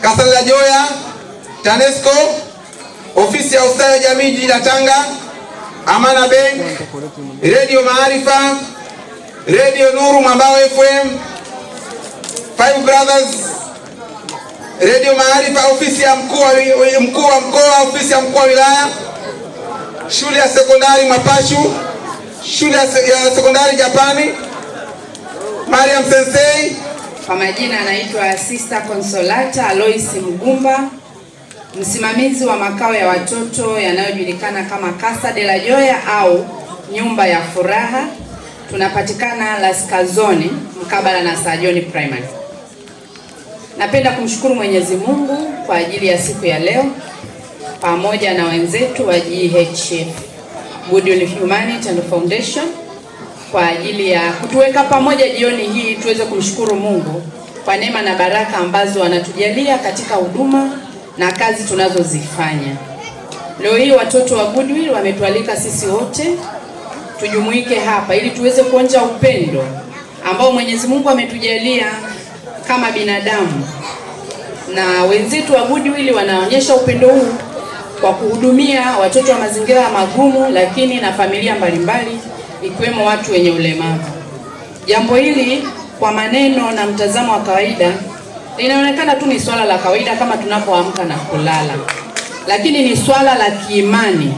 kasa la Joya, TANESCO, ofisi ya ustawi wa jamii jiji la Tanga, Amana Bank, Radio Maarifa, Radio Nuru Mwambao FM, Five Brothers, Radio Maarifa, ofisi ya mkuu wa mkoa, ofisi ya mkuu wa wilaya, shule ya sekondari Mapashu, shule ya sekondari Japani, Mariam Sensei kwa majina anaitwa Sister Consolata Alois Mgumba, msimamizi wa makao ya watoto yanayojulikana kama Casa de la Joya au nyumba ya furaha. Tunapatikana laskazoni mkabala na Sajoni Primary. Napenda kumshukuru Mwenyezi Mungu kwa ajili ya siku ya leo pamoja na wenzetu wa GHF Good Humanity and Foundation kwa ajili ya kutuweka pamoja jioni hii tuweze kumshukuru Mungu kwa neema na baraka ambazo anatujalia katika huduma na kazi tunazozifanya. Leo hii watoto wa Goodwill wametualika sisi wote tujumuike hapa ili tuweze kuonja upendo ambao Mwenyezi Mungu ametujalia kama binadamu, na wenzetu wa Goodwill wanaonyesha upendo huu kwa kuhudumia watoto wa mazingira magumu, lakini na familia mbalimbali mbali ikiwemo watu wenye ulemavu. Jambo hili kwa maneno na mtazamo wa kawaida linaonekana tu ni swala la kawaida kama tunapoamka na kulala, lakini ni swala la kiimani,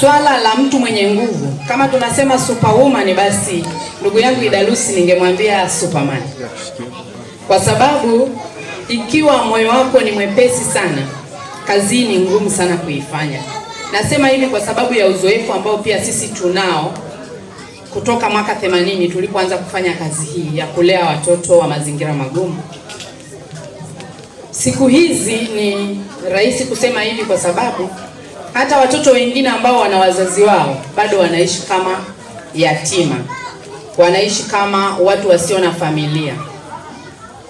swala la mtu mwenye nguvu. Kama tunasema superwoman, basi ndugu yangu Idalusi ningemwambia superman, kwa sababu ikiwa moyo wako ni mwepesi sana, kazi ni ngumu sana kuifanya. Nasema hivi kwa sababu ya uzoefu ambao pia sisi tunao kutoka mwaka 80 tulipoanza kufanya kazi hii ya kulea watoto wa mazingira magumu. Siku hizi ni rahisi kusema hivi kwa sababu hata watoto wengine ambao wana wazazi wao bado wanaishi kama yatima, wanaishi kama watu wasio na familia.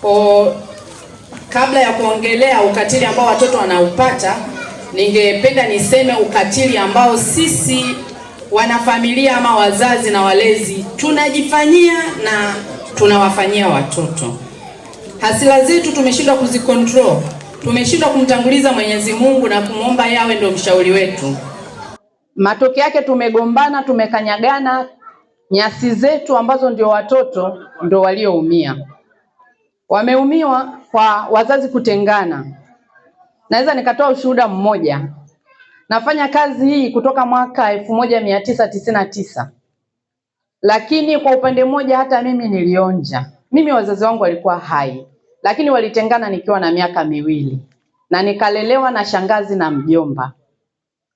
Kwa kabla ya kuongelea ukatili ambao watoto wanaupata, ningependa niseme ukatili ambao sisi wanafamilia ama wazazi na walezi tunajifanyia na tunawafanyia watoto. Hasira zetu tumeshindwa kuzikontrol, tumeshindwa kumtanguliza Mwenyezi Mungu na kumwomba yawe ndio mshauri wetu. Matokeo yake tumegombana, tumekanyagana, nyasi zetu ambazo ndio watoto ndio walioumia. Wameumiwa kwa wazazi kutengana. Naweza nikatoa ushuhuda mmoja. Nafanya kazi hii kutoka mwaka elfu moja mia tisa tisini na tisa, lakini kwa upande mmoja hata mimi nilionja. Mimi wazazi wangu walikuwa hai, lakini walitengana nikiwa na miaka miwili na nikalelewa na shangazi na mjomba.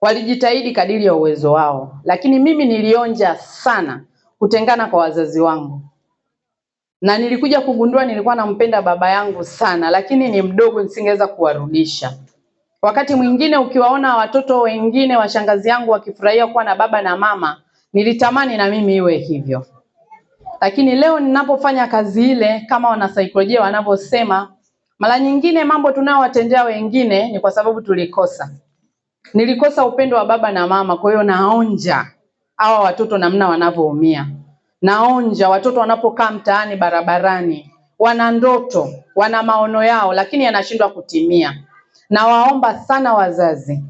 Walijitahidi kadiri ya uwezo wao, lakini mimi nilionja sana kutengana kwa wazazi wangu, na nilikuja kugundua nilikuwa nampenda baba yangu sana, lakini ni mdogo, nisingeweza kuwarudisha. Wakati mwingine ukiwaona watoto wengine wa shangazi yangu wakifurahia kuwa na baba na mama, nilitamani na mimi iwe hivyo. Lakini leo ninapofanya kazi ile, kama wanasaikolojia wanavyosema, mara nyingine mambo tunayowatendea wengine ni kwa sababu tulikosa, nilikosa upendo wa baba na mama. Kwa hiyo naonja hawa watoto namna wanavyoumia, naonja watoto wanapokaa mtaani, barabarani, wana ndoto, wana maono yao, lakini yanashindwa kutimia Nawaomba sana wazazi,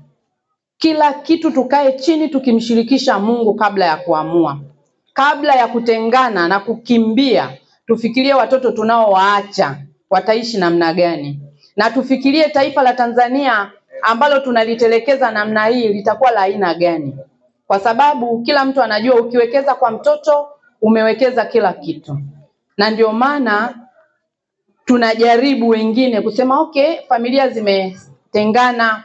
kila kitu tukae chini tukimshirikisha Mungu kabla ya kuamua, kabla ya kutengana na kukimbia. Tufikirie watoto tunaowaacha wataishi namna gani, na tufikirie taifa la Tanzania ambalo tunalitelekeza namna hii litakuwa la aina gani, kwa sababu kila mtu anajua ukiwekeza kwa mtoto umewekeza kila kitu, na ndio maana tunajaribu wengine kusema okay, familia zime tengana.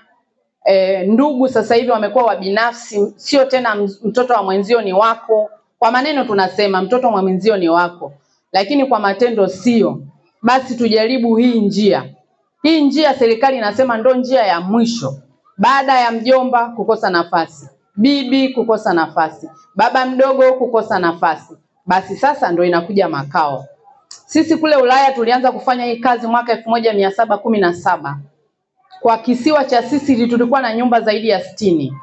E, eh, ndugu sasa hivi wamekuwa wabinafsi, sio tena mtoto wa mwenzio ni wako. Kwa maneno tunasema mtoto wa mwenzio ni wako, lakini kwa matendo sio. Basi tujaribu hii njia, hii njia serikali inasema ndo njia ya mwisho, baada ya mjomba kukosa nafasi, bibi kukosa nafasi, baba mdogo kukosa nafasi, basi sasa ndo inakuja makao. Sisi kule Ulaya tulianza kufanya hii kazi mwaka elfu moja mia saba kumi na saba. Kwa kisiwa cha Sisili tulikuwa na nyumba zaidi ya sitini.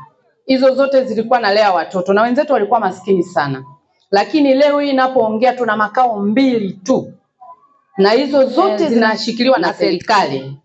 Hizo zote zilikuwa na lea watoto na wenzetu walikuwa maskini sana, lakini leo hii napoongea tuna makao mbili tu na hizo zote eh, zinashikiliwa na serikali.